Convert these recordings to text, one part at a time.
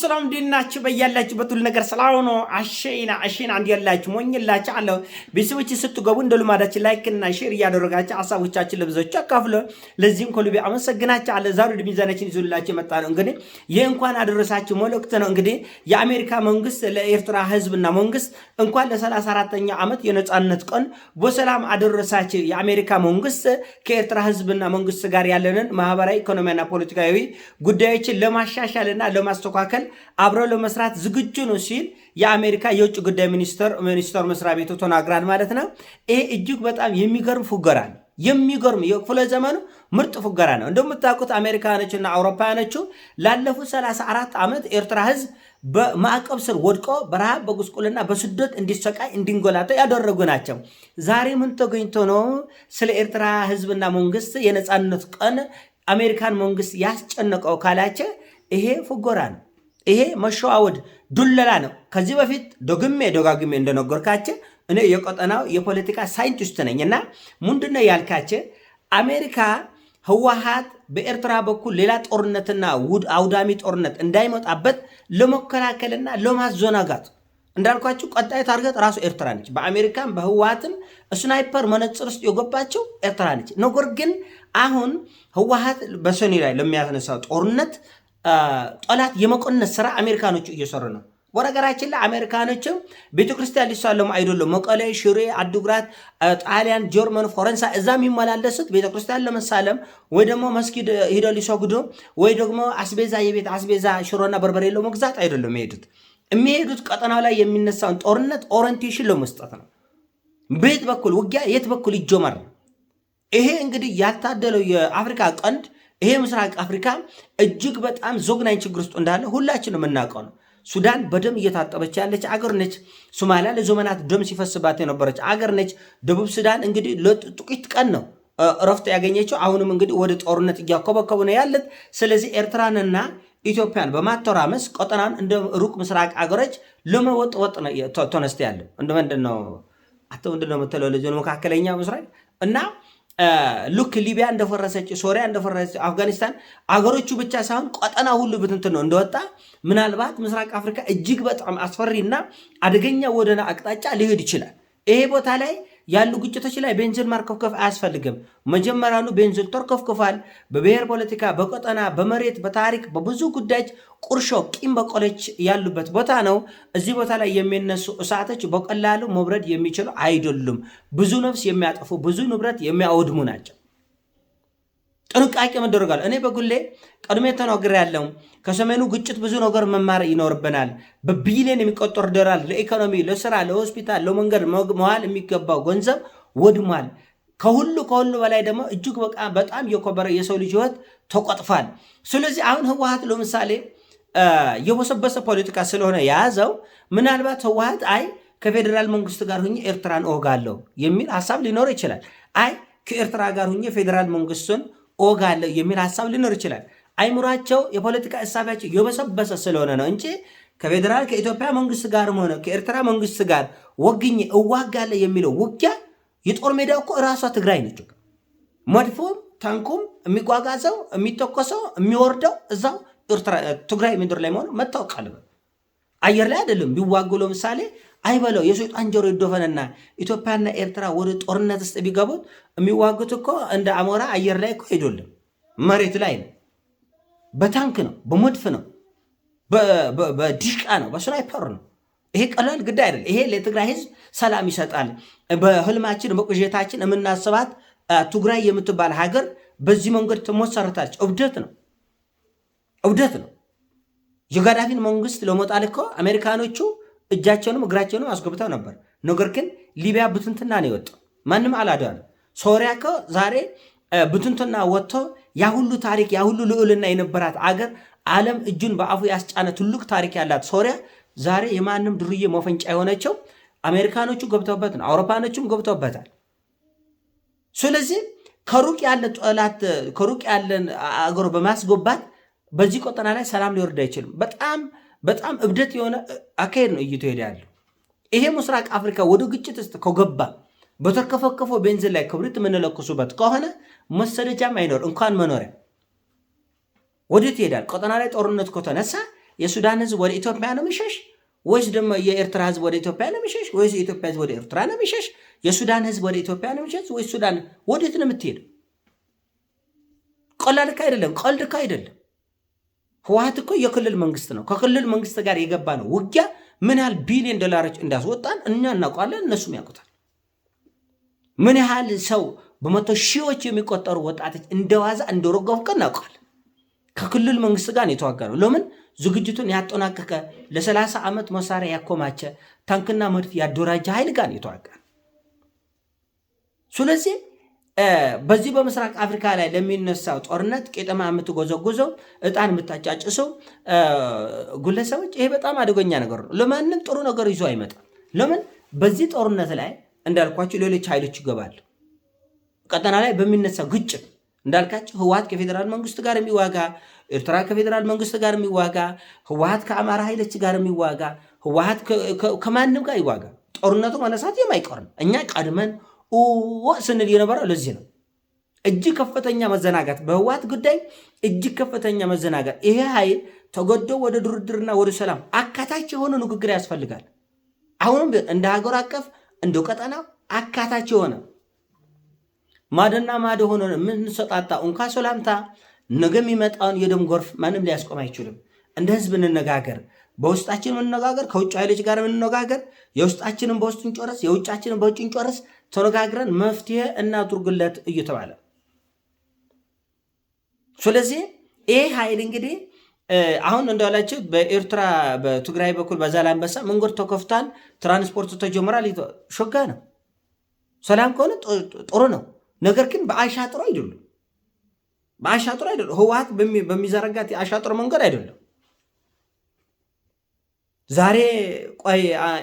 ሰላም እንዴት ናችሁ? በያላችሁበት ሁሉ ነገር ሰላም ነው። አሸይና አሸይና አንድ ያላችሁ ሞኝላችሁ አለ ቤተሰቦች ስትገቡ እንደ ልማዳችን ላይክ እና ሼር እያደረጋችሁ ሀሳቦቻችን ለብዙዎች አካፍሎ ለዚህም ከልቤ አመሰግናችሁ አለ ዛሬ ሚዛናችን ይዞላችሁ የመጣ ነው። እንግዲህ ይህ እንኳን አደረሳችሁ መልእክት ነው። እንግዲህ የአሜሪካ መንግስት ለኤርትራ ህዝብና መንግስት እንኳን ለሰላሳ አራተኛው ዓመት የነጻነት ቀን በሰላም አደረሳችሁ። የአሜሪካ መንግስት ከኤርትራ ህዝብና መንግስት ጋር ያለንን ማህበራዊ ኢኮኖሚያና ፖለቲካዊ ጉዳዮችን ለማሻሻልና ለማስተካከል መካከል አብረው ለመስራት ዝግጁ ነው ሲል የአሜሪካ የውጭ ጉዳይ ሚኒስተር ሚኒስተር መስሪያ ቤቱ ተናግራል ማለት ነው። ይሄ እጅግ በጣም የሚገርም ፉገራ ነው። የሚገርም የክፍለ ዘመኑ ምርጥ ፉገራ ነው። እንደምታውቁት አሜሪካኖችና አውሮፓውያኖቹ ላለፉት 34 ዓመት ኤርትራ ህዝብ በማዕቀብ ስር ወድቆ በረሃብ በጉስቁልና በስደት እንዲሰቃይ እንዲንጎላተው ያደረጉ ናቸው። ዛሬ ምን ተገኝቶ ነው ስለ ኤርትራ ህዝብና መንግስት የነፃነት ቀን አሜሪካን መንግስት ያስጨነቀው ካላቸ ይሄ ፉገራ ነው። ይሄ መሸዋወድ ዱለላ ነው። ከዚህ በፊት ደግሜ ደጋግሜ እንደነገርካች እኔ የቀጠናው የፖለቲካ ሳይንቲስት ነኝ እና ምንድነው ያልካቸ አሜሪካ ህወሓት በኤርትራ በኩል ሌላ ጦርነትና ውድ አውዳሚ ጦርነት እንዳይመጣበት ለመከላከልና ለማዘናጋት እንዳልኳችሁ ቀጣይ ታርገት ራሱ ኤርትራ ነች። በአሜሪካም በህወሓትም ስናይፐር መነጽር ውስጥ የገባቸው ኤርትራ ነች። ነገር ግን አሁን ህወሓት በሰኔ ላይ ለሚያስነሳው ጦርነት ጠላት የመቆነስ ስራ አሜሪካኖቹ እየሰሩ ነው። በነገራችን ላይ አሜሪካኖችም ቤተክርስቲያን ሊሳለሙ አይደሉም። መቀሌ፣ ሽሬ፣ አዱግራት፣ ጣሊያን፣ ጀርመን፣ ፈረንሳይ እዛ የሚመላለሱት ቤተክርስቲያን ለመሳለም ወይ ደግሞ መስጊድ ሂደው ሊሰግዱ ወይ ደግሞ አስቤዛ የቤት አስቤዛ ሽሮና በርበሬ መግዛት አይደሉም የሚሄዱት የሚሄዱት ቀጠናው ላይ የሚነሳውን ጦርነት ኦሪንቴሽን ለመስጠት ነው። በየት በኩል ውጊያ የት በኩል ይጀመር? ይሄ እንግዲህ ያልታደለው የአፍሪካ ቀንድ ይሄ ምስራቅ አፍሪካ እጅግ በጣም ዞግናኝ ችግር ውስጥ እንዳለ ሁላችንም የምናውቀው ነው። ሱዳን በደም እየታጠበች ያለች አገር ነች። ሶማሊያ ለዘመናት ደም ሲፈስባት የነበረች አገር ነች። ደቡብ ሱዳን እንግዲህ ለጥቂት ቀን ነው እረፍት ያገኘችው። አሁንም እንግዲህ ወደ ጦርነት እያኮበከቡ ነው ያለት። ስለዚህ ኤርትራንና ኢትዮጵያን በማተራመስ ቀጠናን እንደ ሩቅ ምስራቅ አገሮች ለመወጥወጥ ተነስተ ያለው እንደ ምንድን ነው አቶ ምንድን ነው መካከለኛ ምስራቅ እና ሉክ ሊቢያ እንደፈረሰች ሶሪያ እንደፈረሰች አፍጋኒስታን አገሮቹ ብቻ ሳይሆን ቀጠና ሁሉ ብትንትን ነው እንደወጣ ምናልባት ምስራቅ አፍሪካ እጅግ በጣም አስፈሪና አደገኛ ወደና አቅጣጫ ሊሄድ ይችላል። ይሄ ቦታ ላይ ያሉ ግጭቶች ላይ ቤንዚል ማርከፍከፍ አያስፈልግም። መጀመሪያኑ ቤንዚል ጦር በብሔር ፖለቲካ፣ በቀጠና፣ በመሬት፣ በታሪክ፣ በብዙ ጉዳዮች ቁርሾ፣ ቂም በቀሎች ያሉበት ቦታ ነው። እዚህ ቦታ ላይ የሚነሱ እሳቶች በቀላሉ መብረድ የሚችሉ አይደሉም። ብዙ ነፍስ የሚያጠፉ ብዙ ንብረት የሚያወድሙ ናቸው። ጥንቃቄ መደረጋል። እኔ በግሌ ቀድሜ ያለው ከሰሜኑ ግጭት ብዙ ነገር መማር ይኖርብናል። በቢሊየን የሚቆጠር ዶላር ለኢኮኖሚ፣ ለስራ፣ ለሆስፒታል፣ ለመንገድ መዋል የሚገባው ገንዘብ ወድሟል። ከሁሉ ከሁሉ በላይ ደግሞ እጅግ በጣም የኮበረ የሰው ልጅ ህይወት ተቆጥፏል። ስለዚህ አሁን ህወሀት ለምሳሌ የበሰበሰ ፖለቲካ ስለሆነ የያዘው ምናልባት ህወሀት አይ ከፌዴራል መንግስት ጋር ሁኜ ኤርትራን እወጋለሁ የሚል ሀሳብ ሊኖር ይችላል። አይ ከኤርትራ ጋር ሁኜ ፌዴራል መንግስቱን ኦጋ አለው የሚል ሀሳብ ሊኖር ይችላል። አይምሯቸው የፖለቲካ እሳቢያቸው የበሰበሰ ስለሆነ ነው እንጂ ከፌዴራል ከኢትዮጵያ መንግስት ጋር ሆነ ከኤርትራ መንግስት ጋር ወግኝ ለ የሚለው ውጊያ የጦር ሜዳ እኮ እራሷ ትግራይ ነች። መድፎም ታንኩም የሚጓጓዘው የሚተኮሰው የሚወርደው እዛው ትግራይ ምድር ላይ መሆኑ መታወቅ አለበት። አየር ላይ አይደለም ቢዋጉ ለምሳሌ አይበለው የሰይጣን ጆሮ ይዶፈንና ኢትዮጵያና ኤርትራ ወደ ጦርነት ውስጥ ቢገቡት የሚዋጉት እኮ እንደ አሞራ አየር ላይ እኮ አይዶልም፣ መሬት ላይ ነው፣ በታንክ ነው፣ በመድፍ ነው፣ በዲሽቃ ነው፣ በስናይፐር ነው። ይሄ ቀላል ግዳ አይደለም። ይሄ ለትግራይ ህዝብ ሰላም ይሰጣል። በህልማችን በቁጀታችን የምናስባት ትግራይ የምትባል ሀገር በዚህ መንገድ ትመሰረታለች። እብደት ነው፣ እብደት ነው። የጋዳፊን መንግስት ለመጣል እኮ አሜሪካኖቹ እጃቸውንም እግራቸውንም አስገብተው ነበር። ነገር ግን ሊቢያ ብትንትና ነው የወጣው፣ ማንም አላዳነ። ሶሪያ እኮ ዛሬ ብትንትና ወጥቶ ያ ሁሉ ታሪክ ያ ሁሉ ልዑልና የነበራት አገር ዓለም እጁን በአፉ ያስጫነ ትልቅ ታሪክ ያላት ሶሪያ ዛሬ የማንም ድርዬ መፈንጫ የሆነችው አሜሪካኖቹ ገብተውበት ነው። አውሮፓኖቹም ገብተውበታል። ስለዚህ ከሩቅ ያለ ጠላት ከሩቅ ያለን አገሮ በማስጎባት በዚህ ቆጠና ላይ ሰላም ሊወርድ አይችልም። በጣም በጣም እብደት የሆነ አካሄድ ነው እይቶ ሄደ ያለው። ይሄ ምስራቅ አፍሪካ ወደ ግጭት ውስጥ ከገባ በተርከፈከፈው ቤንዚን ላይ ክብሪት የምንለኩሱበት ከሆነ መሰደጃም አይኖር እንኳን መኖሪያ ወዴት ይሄዳል? ቆጠና ላይ ጦርነት ከተነሳ የሱዳን ህዝብ ወደ ኢትዮጵያ ነው የሚሸሽ ወይስ ደግሞ የኤርትራ ህዝብ ወደ ኢትዮጵያ ነው የሚሸሽ ወይስ የኢትዮጵያ ህዝብ ወደ ኤርትራ ነው የሚሸሽ? የሱዳን ህዝብ ወደ ኢትዮጵያ ነው የሚሸሽ ወይስ ሱዳን ወዴት ነው የምትሄድ? ቀላል አይደለም፣ ቀልድ አይደለም። ህወሀት እኮ የክልል መንግስት ነው። ከክልል መንግስት ጋር የገባ ነው ውጊያ ምን ያህል ቢሊዮን ዶላሮች እንዳስወጣን እኛ እናውቃለን፣ እነሱም ያውቁታል። ምን ያህል ሰው በመቶ ሺዎች የሚቆጠሩ ወጣቶች እንደዋዛ እንደረገፉ እናውቀዋል። ከክልል መንግስት ጋር የተዋጋ ነው። ለምን ዝግጅቱን ያጠናቀቀ ለሰላሳ ዓመት መሳሪያ ያኮማቸ ታንክና መድፍ ያደራጀ ኃይል ጋር የተዋጋ ነው። ስለዚህ በዚህ በምስራቅ አፍሪካ ላይ ለሚነሳው ጦርነት ቄጠማ የምትጎዘጉዘው እጣን የምታጫጭሰው ግለሰቦች፣ ይሄ በጣም አደገኛ ነገር ነው። ለማንም ጥሩ ነገር ይዞ አይመጣም። ለምን? በዚህ ጦርነት ላይ እንዳልኳቸው ሌሎች ኃይሎች ይገባሉ። ቀጠና ላይ በሚነሳው ግጭት እንዳልካቸው ህወሀት ከፌዴራል መንግስት ጋር የሚዋጋ ኤርትራ ከፌዴራል መንግስት ጋር የሚዋጋ ህወሀት ከአማራ ኃይሎች ጋር የሚዋጋ ህወሀት ከማንም ጋር ይዋጋ ጦርነቱ መነሳት የማይቀርም እኛ ቀድመን ስንል የነበረው ለዚህ ነው። እጅግ ከፍተኛ መዘናጋት በህወሓት ጉዳይ እጅግ ከፍተኛ መዘናጋት። ይሄ ኃይል ተገዶ ወደ ድርድርና ወደ ሰላም አካታች የሆነ ንግግር ያስፈልጋል። አሁንም እንደ ሀገር አቀፍ እንደ ቀጠና አካታች የሆነ ማደና ማደ ሆነ የምንሰጣጣ እንኳ ሰላምታ ነገ የሚመጣውን የደም ጎርፍ ማንም ሊያስቆም አይችልም። እንደ ህዝብ እንነጋገር፣ በውስጣችን የምንነጋገር፣ ከውጭ ኃይሎች ጋር የምንነጋገር፣ የውስጣችንን በውስጥ እንጨርስ፣ የውጫችንን በውጭ እንጨርስ። ተነጋግረን መፍትሄ እናድርግለት እየተባለ ስለዚህ ይህ ኃይል እንግዲህ አሁን እንዳላቸው በኤርትራ በትግራይ በኩል በዛላንበሳ መንገድ ተከፍቷል፣ ትራንስፖርት ተጀምሯል። ሾጋ ነው። ሰላም ከሆነ ጥሩ ነው። ነገር ግን በአሻጥሮ አይደሉም፣ በአሻጥሮ አይደሉም። ህወሓት በሚዘረጋት የአሻጥሮ መንገድ አይደለም። ዛሬ ቆይ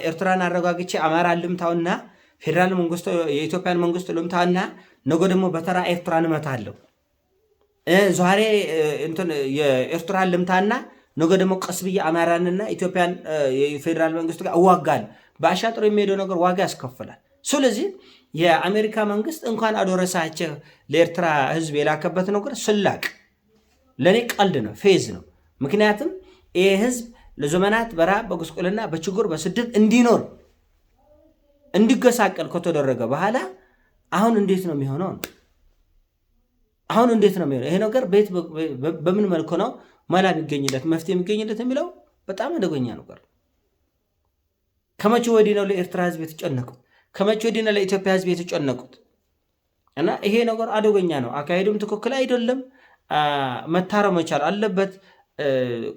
ኤርትራን አረጋግቼ አማራ ልምታውና ፌዴራል መንግስቱ የኢትዮጵያን መንግስት ልምታና ነገ ደግሞ በተራ ኤርትራን እመታለሁ። ዛሬ የኤርትራን ልምታና ነገ ደግሞ ቀስ ብዬ አማራንና ኢትዮጵያን የፌዴራል መንግስት ጋር እዋጋል። በአሻጥሮ የሚሄደው ነገር ዋጋ ያስከፍላል። ስለዚህ የአሜሪካ መንግስት እንኳን አደረሳችሁ ለኤርትራ ህዝብ የላከበት ነገር ስላቅ ለእኔ ቀልድ ነው፣ ፌዝ ነው። ምክንያቱም ይህ ህዝብ ለዘመናት በረሃብ በጉስቁልና በችግር በስደት እንዲኖር እንዲገሳቀል ከተደረገ በኋላ አሁን እንዴት ነው የሚሆነው? አሁን እንዴት ነው የሚሆነው? ይሄ ነገር ቤት በምን መልኩ ነው መላ የሚገኝለት መፍትሄ የሚገኝለት የሚለው በጣም አደገኛ ነገር። ከመቼ ወዲህ ነው ለኤርትራ ህዝብ የተጨነቁት? ከመቼ ወዲህ ነው ለኢትዮጵያ ህዝብ የተጨነቁት? እና ይሄ ነገር አደገኛ ነው። አካሄዱም ትክክል አይደለም። መታረም መቻል አለበት።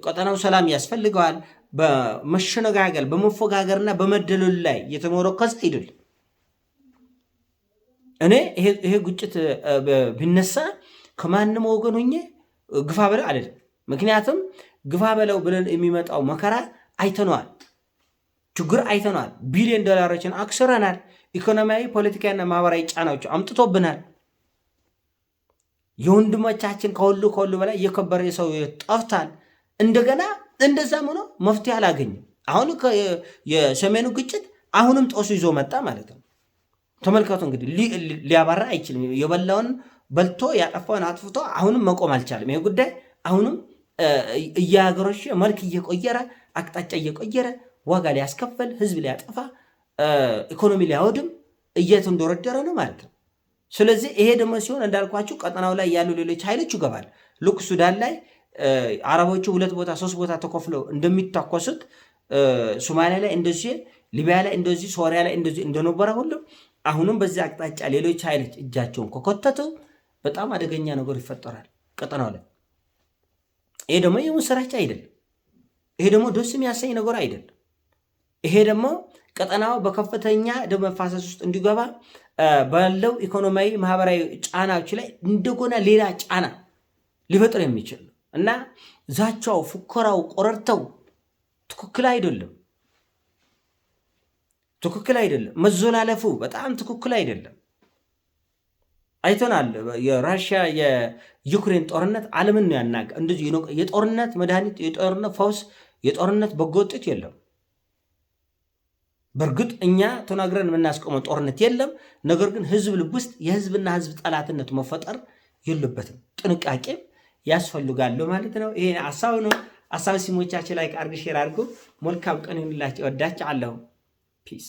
ቀጠናው ሰላም ያስፈልገዋል። በመሸነጋገል በመፎጋገርና በመደለል ላይ የተሞረከሰ አይደለም። እኔ ይሄ ግጭት ቢነሳ ከማንም ወገን ሆኜ ግፋ በለው አይደለም። ምክንያቱም ግፋ በለው ብለን የሚመጣው መከራ አይተነዋል፣ ችግር አይተነዋል። ቢሊዮን ዶላሮችን አክስረናል። ኢኮኖሚያዊ፣ ፖለቲካዊና ማህበራዊ ጫናዎች አምጥቶብናል። የወንድሞቻችን ከሁሉ ከሁሉ በላይ የከበረ ሰው ጠፍቷል። እንደገና እንደዛም ሆኖ መፍትሄ አላገኝም። አሁን የሰሜኑ ግጭት አሁንም ጦሱ ይዞ መጣ ማለት ነው። ተመልከቱ እንግዲህ ሊያባራ አይችልም። የበላውን በልቶ ያጠፋውን አጥፍቶ አሁንም መቆም አልቻለም። ይህ ጉዳይ አሁንም እያገረሸ መልክ እየቆየረ አቅጣጫ እየቆየረ ዋጋ ሊያስከፈል ህዝብ ሊያጠፋ ኢኮኖሚ ሊያወድም እንደወረደረ ነው ማለት ነው። ስለዚህ ይሄ ደግሞ ሲሆን እንዳልኳችሁ ቀጠናው ላይ ያሉ ሌሎች ኃይሎች ይገባል ልክ ሱዳን ላይ አረቦቹ ሁለት ቦታ ሶስት ቦታ ተከፍለው እንደሚታኮሱት ሶማሊያ ላይ እንደዚህ፣ ሊቢያ ላይ እንደዚህ፣ ሶሪያ ላይ እንደዚህ እንደነበረ ሁሉ አሁንም በዚህ አቅጣጫ ሌሎች ኃይሎች እጃቸውን ከኮተቱ በጣም አደገኛ ነገር ይፈጠራል ቀጠናው ላይ። ይሄ ደግሞ የምስራች አይደለም። ይሄ ደግሞ ደስ የሚያሰኝ ነገር አይደለም። ይሄ ደግሞ ቀጠናው በከፍተኛ ደም መፋሰስ ውስጥ እንዲገባ ባለው ኢኮኖሚያዊ፣ ማህበራዊ ጫናዎች ላይ እንደጎና ሌላ ጫና ሊፈጥር የሚችል ነው። እና ዛቻው፣ ፉከራው፣ ቆረርተው ትክክል አይደለም፣ ትክክል አይደለም። መዘላለፉ በጣም ትክክል አይደለም። አይተናል። የራሽያ የዩክሬን ጦርነት ዓለምን ነው ያናገ እንደዚህ የጦርነት መድኃኒት፣ የጦርነት ፈውስ፣ የጦርነት በጎ ውጤት የለም። በእርግጥ እኛ ተናግረን የምናስቆመው ጦርነት የለም። ነገር ግን ህዝብ ልብ ውስጥ የህዝብና ህዝብ ጠላትነት መፈጠር የለበትም። ጥንቃቄ ያስፈልጋሉ ማለት ነው። ይሄ ሀሳብ ነው። ሀሳብ ሲሞቻችን ላይ አርግ ሼር አድርጉ። መልካም ቀን ይሁንላችሁ። ወዳች አለሁ ፒስ